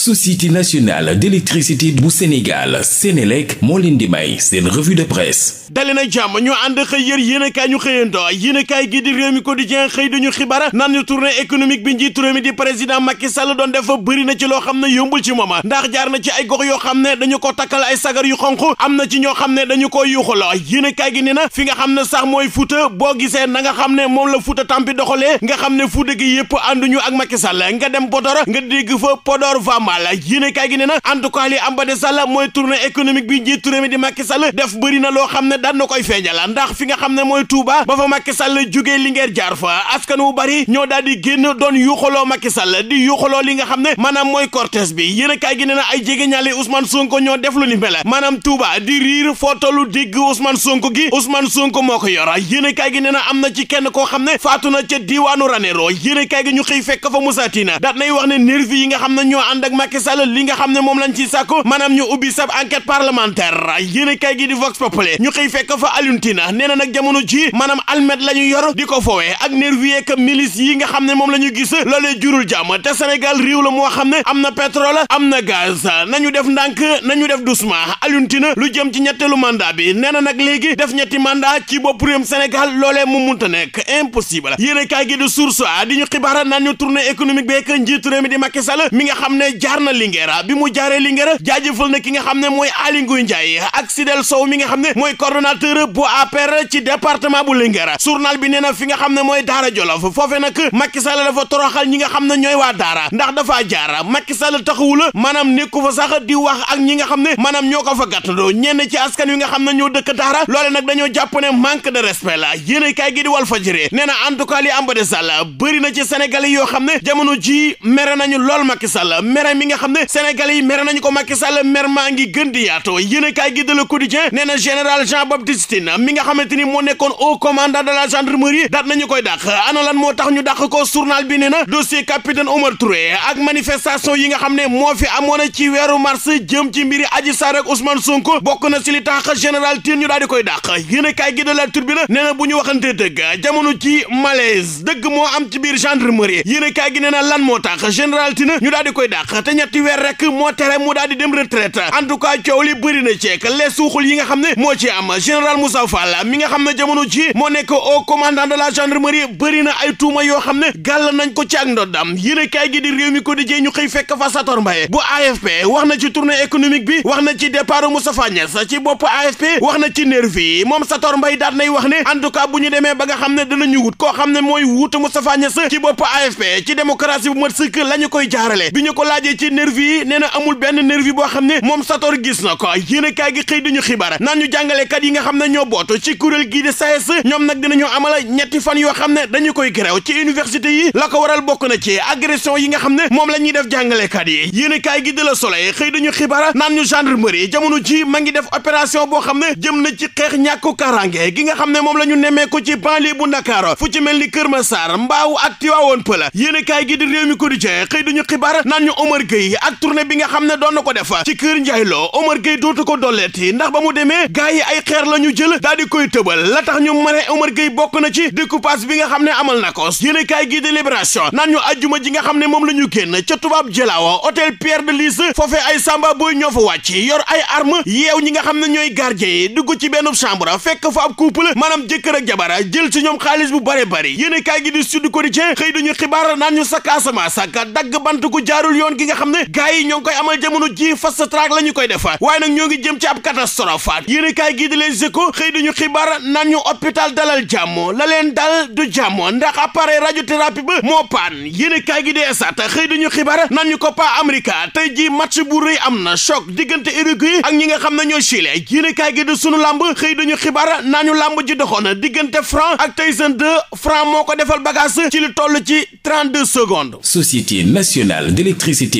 société nationale d'électricité bu Sénégal Sénélec moo leen di may seen revue de presse dali jàmm ñu ànd xëy yër yéenekaay ñu xëyandoo yéenekaay gi di Rewmi Quotidien xëy dañu xibaar naan ñu tournée économique bi njiitu réew mi di président Macky doon def bëri na ci loo xam ne yombul ci mooma ndax jaar na ci ay gox yoo xam ne dañu ko takkal ay sagar yu xonq am na ci ñoo xam ne dañu ko yuuxaloo yéenekaay gi nee na fi nga xam ne sax mooy Fuuta boo gisee na nga xam la Fuuta tampi doxalee xam ne Fuuta gi yëpp ànduñu ak nga dem Podor nga dégg fa normal yéene kaay gi ne na en tout cas li am ba de sàll mooy tournée économique bi na ci kenn koo xam ne faatu na ca diiwaanu Ranérou yéene kaay gi ñu xëy fekk fa Moussa Tina daat nay wax ne nervi yi nga xam ne ñoo ànd ma Sall li nga xam ne moom lañ ciy sàkku maanaam ñu ubbi sab enquête parlementaire yéen kay gi di Vox Populi ñu xëy fekk fa Alioune Tine nee na nag jamono ji maanaam almet la ñu yor di ko foowee ak nervis ak milice yi nga xam ne moom la ñu gis loolee jurul jàmm te Sénégal réew la moo xam ne am na pétrole am na gaz nañu def ndànk nañu def doucement Alioune lu jëm ci ñetteelu mandat bi nee na nag léegi def ñetti mandat ci bopp réewum Sénégal mu munta nekk impossible yéen kay gi di source di ñu xibaar naan jaar na Linguère bi mu jaaree Linguère jaajëfal na ki nga xam ne mooy Aly Ngouille Ndiaye ak Sidel Sow mi nga xam ne mooy coordonnateur bu APR ci département bu Linguère journal bi nee na fi nga xam ne mooy Daara Jolof foofee nag Macky Sall dafa toroxal ñi nga xam ne ñooy waa Daara ndax dafa jaara Macky Sall taxawul maanaam nekku fa sax di wax ak ñi nga xam ne maanaam ñoo ko fa gàttandoo ñenn ci askan wi nga xam ne ñoo dëkk Daara loole nag dañoo jàpp ne manque de respect la yéene nee na en tout cas li am ba na ci Sénégal yoo xam ne jamono ji mere lool Macky Sall mere mi nga xam ne sénégal yi mer nañu ko Macky Sall mer maa ngi gën di yaatoo yéenekaay gi de Le Quotidien nee na général Jean Baptiste Tine mi nga xamante ni moo nekkoon au commandant de la gendarmerie daat nañu koy dàq ana lan moo tax ñu dàq ko journal bi nee na dossier capitaine Omar Touré ak manifestation yi nga xam ne moo fi amoon ci weeru mars jëm ci mbiri Adji Sarr ak Ousmane Sonko bokk na si li tax général Tine ñu daal di koy dàq yéenekaay gi de La Tribune nee na bu ñu waxante dëgg jamono ci malaise dëgg moo am ci biir gendarmerie yéenekaay gi nee na lan moo tax général Tine ñu daal di koy dàq te ñetti weer rek moo tere mu daal di dem retraite en tout cas coow li bëri na ceek les suuxul yi nga xam ne moo ci am général Moussa Fall mi nga xam ne jamono ji moo nekk o commandant de la gendarmerie bëri na ay tuuma yoo xam ne gàll nañ ko ci ak ndoddam yéen kaay gi di réew mi ko di jee ñu xëy fekk fa Sator Mbaye bu AFP wax na ci tournée économique bi wax na ci départ Moustapha Niasse ci bopp AFP wax na ci nervi yi moom Sator mbay daat nay wax ne en tout cas bu ñu demee ba nga xam ne danañu wut koo xam ne mooy wuutu Moustapha Niasse ci bopp AFP ci démocratie bu mat sëkk la ñu koy jaarale bi ñu ko laajee ci nervi yi nee na amul benn nervi boo xam ne moom Sator gis na ko yéenekaay gi xëy dañu xibaar naan ñu jàngalekat yi nga xam ne ñoo boot ci kuréel gii di SAES ñoom nag dinañu amala ñetti fan yoo xam ne dañu koy gréew ci université yi la ko waral bokk na ci agression yi nga xam ne moom la ñuy def jàngalekat yi yéenekaay gi de la Soleil xëy dañu xibaar naan ñu yi jamono ji ma ngi def opération boo xam ne jëm na ci xeex ñàkku karange gi nga xam ne moom la ñu nemmee ko ci banlieue bu Ndakaar fu ci mel ni Kër Massar Mbaaw ak Tivaouane Peulh yéenekaay gi di Rewmi Quotidien xëy dañu xibaar naan ñu Omar Gueye ak tournée bi nga xam ne doon na ko def ci kër Ndiaye Lo Omar Gueye dootu ko dolleeti ndax ba mu demee gars yi ay xeer la jël daal di koy tëbal la tax ñu mane Omar Gueye bokk na ci découpage bi nga xam ne amal na ko yéene gi di Libération naan ñu ajjuma ji nga xam ne moom la génn ca tubaab jëlaawo hôtel Pierre de Lys foofe ay samba booy ñoo fa wàcc yor ay arme yeew ñi nga xam ne ñooy gardien yi dugg ci benn chambre fekk fa ab couple jëkkër nga xam ne gars yi ñoo ngi koy amal jamono ji fast track la ñu koy def waaye nag ñoo ngi jëm ci ab catastrophe yéen a kaay gii di leen sëkko xëy ñu xibaar naan ñu hôpital dalal jàmm la leen dal du jàmm ndax appareil radiothérapie ba moo paan yéen a kaay gi di esat xëy duñu xibaar naan ñu Copa America tey ji match bu am na choc diggante Uruguay ak ñi nga xam ne ñoo Chili yéen a gi di sunu làmb xëy duñu xibaar naan ñu làmb ji doxoon diggante Franc ak Tyson 2 Franc moo ko defal bagage ci lu toll ci 32 secondes société nationale d'électricité